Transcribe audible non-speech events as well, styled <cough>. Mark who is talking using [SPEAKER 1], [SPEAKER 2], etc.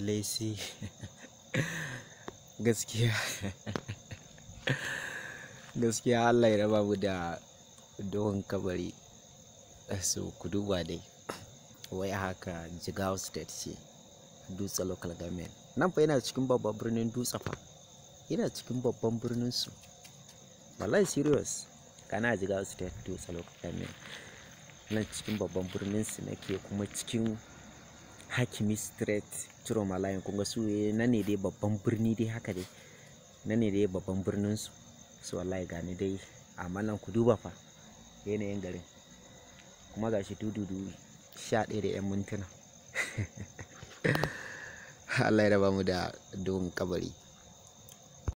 [SPEAKER 1] laisi, <laughs> gaskiya <laughs> gaskiya allah ya raba mu da dohon kabari su ku duba dai wai haka jigawa state ce
[SPEAKER 2] dutse local government nan fa yana cikin babban birnin dutse fa yana cikin babban birnin su wallahi serious kana jigawa state dutse local government nan cikin babban birnin su nake kuma cikin hakimi street ciromalayan kun ga su eh, nan ne dai babban birni dai haka dai nan ne dai babban birnin su su wallahi gani dai amma nan ku duba fa yanayin garin kuma gashi dududu sha ɗaya da yan mintuna
[SPEAKER 3] <laughs> Allah ya raba mu da don kabari